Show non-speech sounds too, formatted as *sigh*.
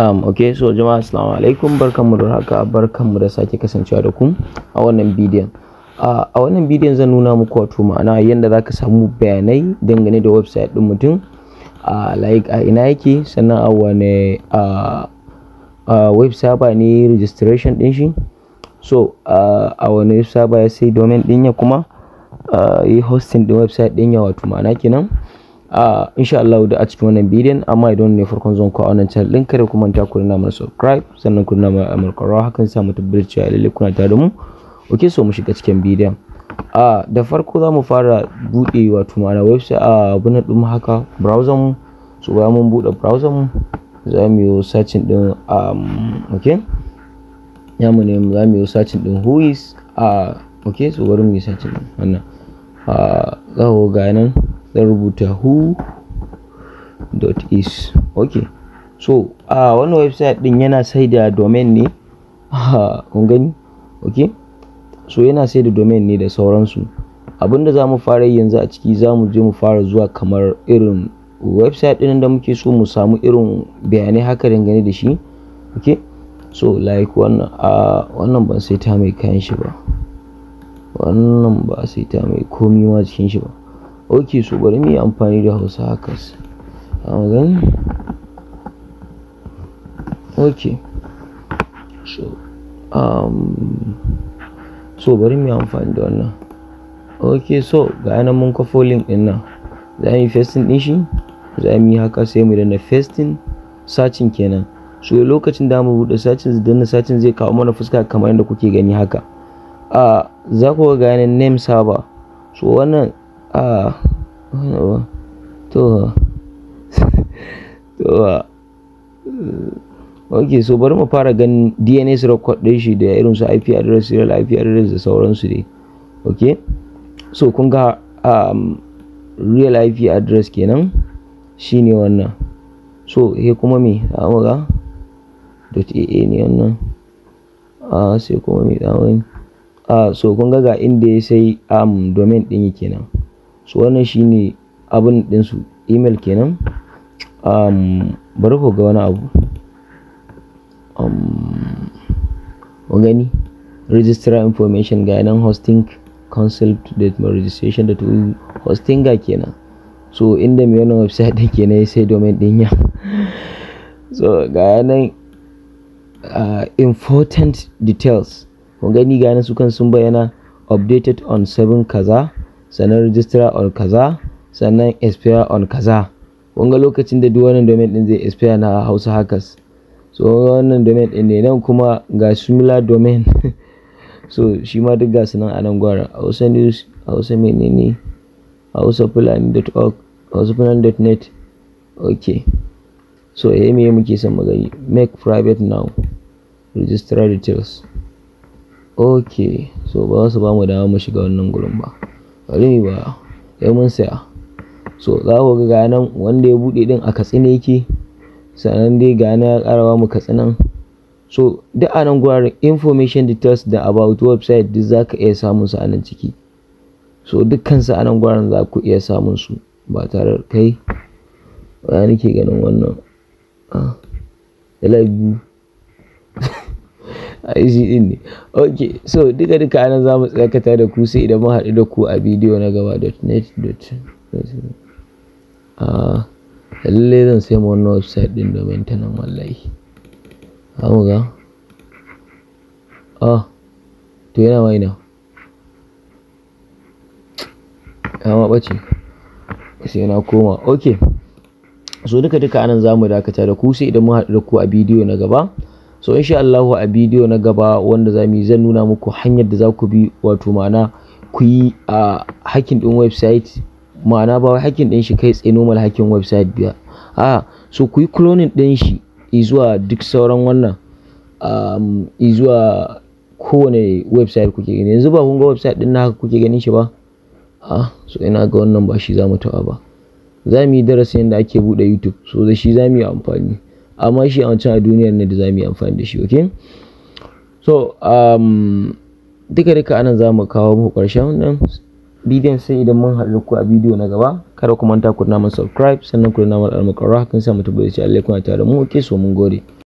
um, ok so jama'a assalamu alaikum barkanmu da haka barkanmu da sake kasancewa da ku a wannan bidiyon uh, a wannan bidiyon zan nuna muku wato ma'ana yadda za ka samu bayanai dangane da website din mutum a uh, like a uh, ina yake sannan a wane web server ne registration din shi so a wane web server ya sai domain din ya kuma yi hosting din website din ya wato ma'ana kenan a ah, insha Allah da a cikin wannan bidiyon amma idan ne farkon zon ku a wannan channel din kare kuma ta ku na mana subscribe sannan ku na mana amurkarwa hakan sa mu tabbatar cewa lalle kuna tare da mu oke so mu shiga cikin bidiyon a ah, da farko za mu fara bude wato mana website a ah, buna din haka browser mu so bayan mun bude browser mu za mu yi searching din um oke ya mu ne za mu yi searching din who is a oke so bari mu yi searching din wannan a za ga nan zan rubuta who dot is ok so a uh, wannan website din yana sai da domain ne *laughs* kun gani ok so yana sai da domain ne da sauransu abinda za mu fara yanzu a ciki za mu je mu fara zuwa kamar irin website din da muke so mu samu irin bayanai haka dangane da shi ok so like wannan a wannan ban sai ta mai kayan shi ba wannan ba sai ta mai komi ma cikin shi ba ok so bari mu yi amfani da hausa haka an gani ok so um, so bari mu yi amfani da wannan ok so ga yanan mun kafo link din nan za mu yi festing din shi za mu yi haka sai mu danna festing sacin kenan so lokacin da mu bude sacin danna sacin zai kawo mana fuska kamar yadda kuke gani haka a ah, za ku ga yanan name server so wannan a to to ok so bari mu fara ganin dns record ɗin shi da irin su ip address serial ip address da sauransu dai ok so kun ga um, real ip address kenan shine wannan so he kuma me za mu ga dot aa ne wannan uh, sai kuma me za mu so kun ga ga inda ya sai um, domain ɗin kenan So wannan shine abun su email kenan. Um, bari ku ga wani abu. Um, gani registrar information ga nan hosting concept da registration da hosting ga kenan. So inda mai wannan website ɗin kenan sai domain din ya. *laughs* so ga nan uh, important details kun gani ga nan su kan sun bayyana updated on 7 kaza sannan register on kaza sannan expire on kaza kun ga lokacin da duk wannan domain din zai expire na hausa hackers so wannan domain din ne nan kuma ga similar domain *laughs* so shi ma duk ga sunan a gwara hausa news hausa menene hausa fulani.org hausa fulani.net ok so eh me muke son magani make private now registrar details ok so ba su ba mu dama mu shiga wannan gurin ba bari ba sai mun saya so za ku ga nan wanda ya buɗe ɗin a katsina yake sannan dai ga ya ƙara mu katsinan so duk a nan guraren information details da about website duk za ka iya samun su a nan ciki so dukkan su a nan guraren za ku iya samun su ba tare kai ya nake ganin wannan ah, shi din ne. Ok, so duka duka anan za mu tsakata da ku sai idan mun haɗu da ku a bidiyo na gaba dot .net. dot a ah, zan sai mu wannan website din domin ta nan wallahi. Za mu ga. Ah, to yana ma ina. Kama ɓace. Sai yana koma. Ok. so duka duka anan mu dakata da ku sai idan mun haɗu da ku a bidiyo na gaba so insha Allahu a bidiyo na gaba wanda zamu yi zan nuna muku hanyar da za ku bi wato ma'ana ku yi a hacking din website ma'ana ba wai hacking din shi kai tsaye normal hacking website biya a so ku yi cloning din shi zuwa duk sauran wannan um, zuwa kowane website kuke gani yanzu ba kun ga website din na haka kuke ganin shi ba a so ina ga wannan ba shi za mu taɓa ba za mu yi darasin yadda ake buɗe youtube so da shi za mu yi amfani amma shi a wancan a duniyar ne da za mu yi amfani da shi oke? so um, duka duka anan za mu kawo muku ƙarshen nan bidiyon sai idan mun haɗu ku a bidiyo na gaba kada ku manta ku na subscribe sannan ku na mun almakara hakan sa mu tabbaci Allah kuna tare mu ok so mun gode